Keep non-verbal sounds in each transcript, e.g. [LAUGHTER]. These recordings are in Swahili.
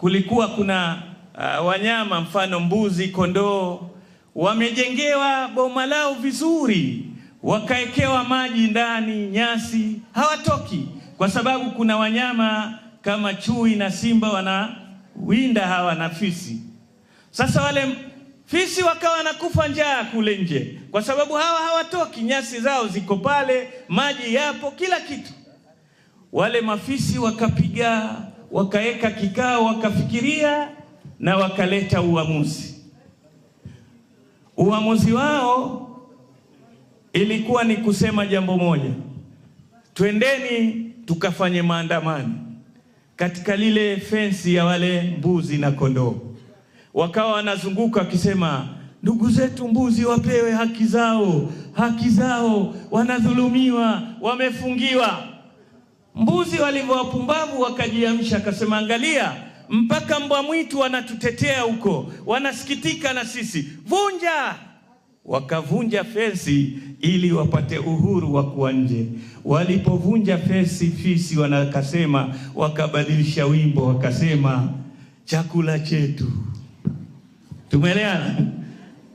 kulikuwa kuna uh, wanyama mfano mbuzi, kondoo wamejengewa boma lao vizuri, wakaekewa maji ndani, nyasi, hawatoki kwa sababu kuna wanyama kama chui na simba wanawinda hawa na fisi. Sasa wale fisi wakawa nakufa njaa kule nje, kwa sababu hawa hawatoki, nyasi zao ziko pale, maji yapo, kila kitu. Wale mafisi wakapiga wakaweka kikao, wakafikiria na wakaleta uamuzi. Uamuzi wao ilikuwa ni kusema jambo moja, twendeni tukafanye maandamano katika lile fensi ya wale mbuzi na kondoo. Wakawa wanazunguka wakisema, ndugu zetu mbuzi wapewe haki zao, haki zao, wanadhulumiwa, wamefungiwa Mbuzi walivyowapumbavu wakajiamsha, akasema angalia, mpaka mbwa mwitu wanatutetea huko, wanasikitika na sisi, vunja. Wakavunja fesi ili wapate uhuru wa kuwa nje. Walipovunja fesi fisi wanakasema, wakabadilisha wimbo, wakasema chakula chetu. Tumeelewana?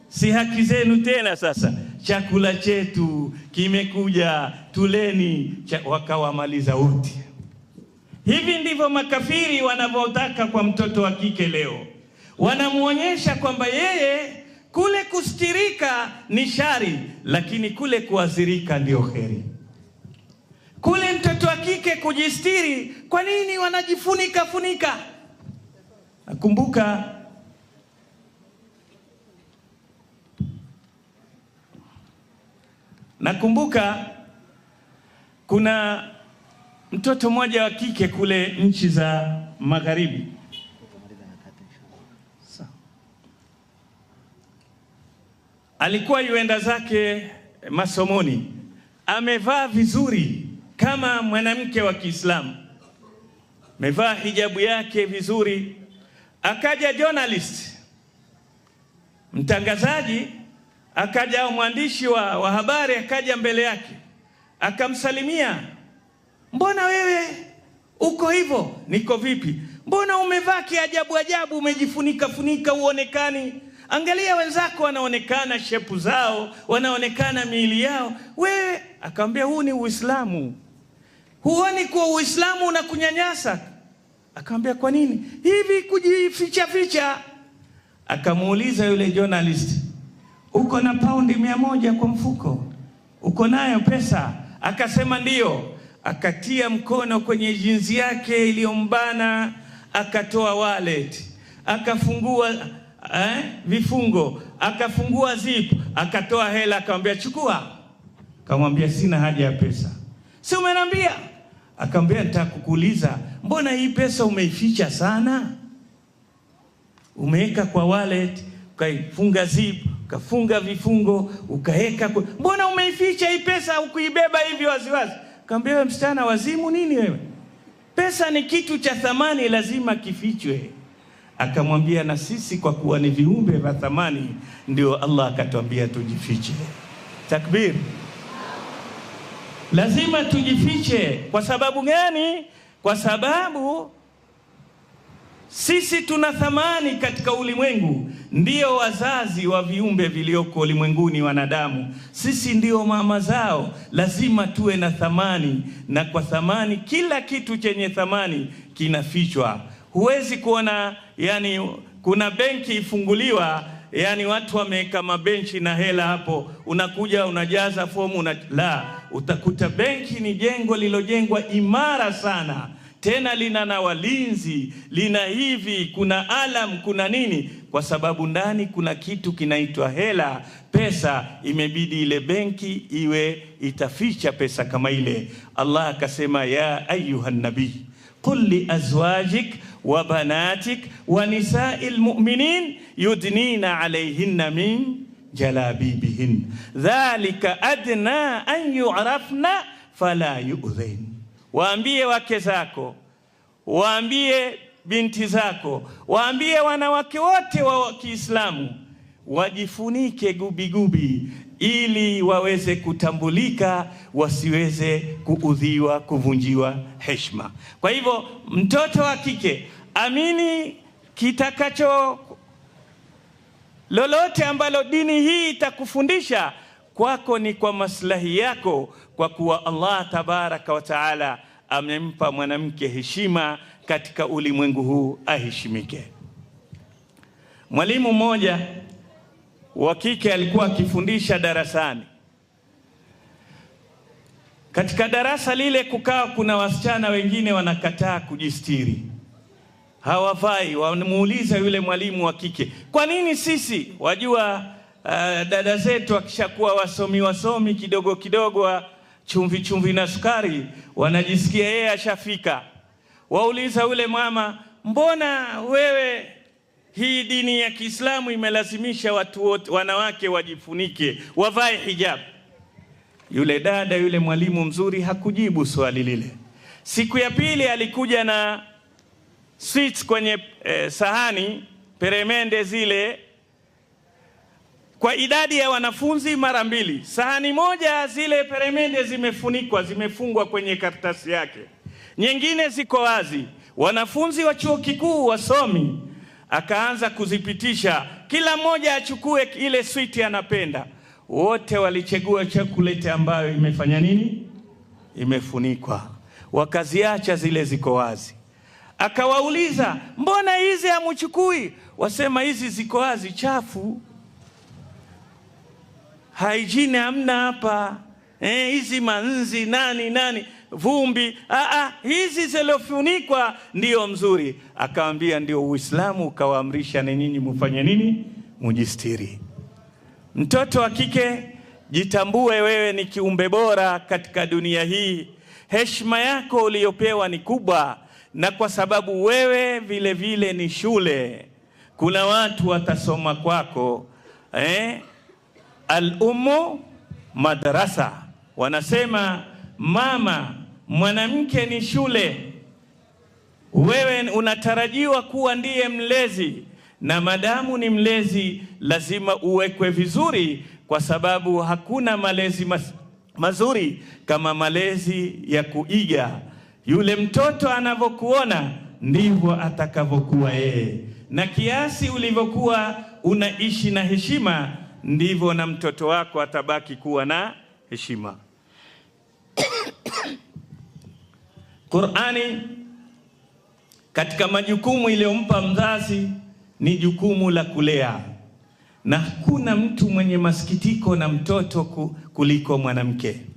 Si haki zenu tena sasa chakula chetu kimekuja, tuleni. Wakawamaliza wote. Hivi ndivyo makafiri wanavyotaka kwa mtoto wa kike leo, wanamwonyesha kwamba yeye kule kustirika ni shari, lakini kule kuathirika ndio heri. Kule mtoto wa kike kujistiri, kwa nini wanajifunika funika? Nakumbuka Nakumbuka kuna mtoto mmoja wa kike kule nchi za magharibi alikuwa yuenda zake masomoni, amevaa vizuri kama mwanamke wa Kiislamu, amevaa hijabu yake vizuri. Akaja journalist mtangazaji Akaja mwandishi wa, wa habari akaja mbele yake akamsalimia, mbona wewe uko hivyo? Niko vipi? Mbona umevaa kiajabu ajabu, umejifunika funika, uonekani? Angalia wenzako wanaonekana, shepu zao wanaonekana, miili yao, wewe. Akamwambia, huu ni Uislamu, huoni kuwa Uislamu unakunyanyasa? Akamwambia, kwa nini hivi kujificha ficha? Akamuuliza yule journalist uko na paundi mia moja kwa mfuko, uko nayo pesa? Akasema ndiyo. Akatia mkono kwenye jinsi yake iliyombana, akatoa wallet, akafungua eh, vifungo, akafungua zip, akatoa hela, akamwambia chukua. Akamwambia sina haja ya pesa. Si umeniambia? Akamwambia nitakukuuliza, mbona hii pesa umeificha sana? Umeweka kwa wallet, ukaifunga zip ukafunga vifungo, ukaweka. Mbona umeificha hii pesa, ukuibeba hivi waziwazi? Kaambia wewe msichana, wazimu nini wewe? Pesa ni kitu cha thamani, lazima kifichwe. Akamwambia na sisi kwa kuwa ni viumbe vya thamani, ndio Allah akatwambia tujifiche. Takbir! Lazima tujifiche. Kwa sababu gani? Kwa sababu sisi tuna thamani katika ulimwengu, ndio wazazi wa viumbe vilioko ulimwenguni, wanadamu. Sisi ndio mama zao, lazima tuwe na thamani, na kwa thamani, kila kitu chenye thamani kinafichwa. Huwezi kuona, yani kuna benki ifunguliwa, yani watu wameweka mabenchi na hela hapo, unakuja unajaza fomu una... la, utakuta benki ni jengo lilojengwa imara sana tena lina na walinzi, lina hivi, kuna alam, kuna nini, kwa sababu ndani kuna kitu kinaitwa hela, pesa. Imebidi ile benki iwe itaficha pesa kama ile. Allah akasema, ya ayuha nabii qul li azwajik wa banatik wa nisa'il mu'minin yudnina alayhinna min jalabibihin dhalika adna an yu'rafna fala yu'dhain waambie wake zako, waambie binti zako, waambie wanawake wote wa Kiislamu wajifunike gubigubi ili waweze kutambulika, wasiweze kuudhiwa, kuvunjiwa heshima. Kwa hivyo, mtoto wa kike amini kitakacho lolote ambalo dini hii itakufundisha kwako ni kwa maslahi yako, kwa kuwa Allah tabaraka wa taala amempa mwanamke heshima katika ulimwengu huu aheshimike. Mwalimu mmoja wa kike alikuwa akifundisha darasani. Katika darasa lile kukaa kuna wasichana wengine wanakataa kujistiri, hawavai. Wamuuliza yule mwalimu wa kike, kwa nini sisi wajua, uh, dada zetu akishakuwa wasomi wasomi kidogo kidogo chumvi chumvi na sukari, wanajisikia yeye ashafika. Wauliza yule mama, mbona wewe hii dini ya Kiislamu imelazimisha watu wote wanawake wajifunike, wavae hijab. Yule dada yule mwalimu mzuri hakujibu swali lile. Siku ya pili alikuja na sweets kwenye eh, sahani peremende zile kwa idadi ya wanafunzi mara mbili. Sahani moja zile peremende zimefunikwa, zimefungwa kwenye karatasi yake, nyingine ziko wazi. Wanafunzi wa chuo kikuu wasomi akaanza kuzipitisha, kila mmoja achukue ile switi anapenda. Wote walichagua chokoleti ambayo imefanya nini, imefunikwa, wakaziacha zile ziko wazi. Akawauliza, mbona hizi hamuchukui? Wasema hizi ziko wazi, chafu hygiene hamna hapa eh, hizi manzi nani nani vumbi ah, ah hizi zilofunikwa ndio mzuri. Akaambia ndio Uislamu ukawaamrisha na nyinyi mufanye nini? Mujistiri. Mtoto wa kike, jitambue wewe ni kiumbe bora katika dunia hii. Heshima yako uliyopewa ni kubwa, na kwa sababu wewe vile vile ni shule, kuna watu watasoma kwako eh? al-ummu madrasa, wanasema mama mwanamke ni shule. Wewe unatarajiwa kuwa ndiye mlezi, na madamu ni mlezi lazima uwekwe vizuri, kwa sababu hakuna malezi mas mazuri kama malezi ya kuiga. Yule mtoto anavyokuona ndivyo atakavyokuwa yeye, na kiasi ulivyokuwa unaishi na heshima ndivyo na mtoto wako atabaki kuwa na heshima. [COUGHS] Qur'ani katika majukumu iliyompa mzazi ni jukumu la kulea, na hakuna mtu mwenye masikitiko na mtoto kuliko mwanamke.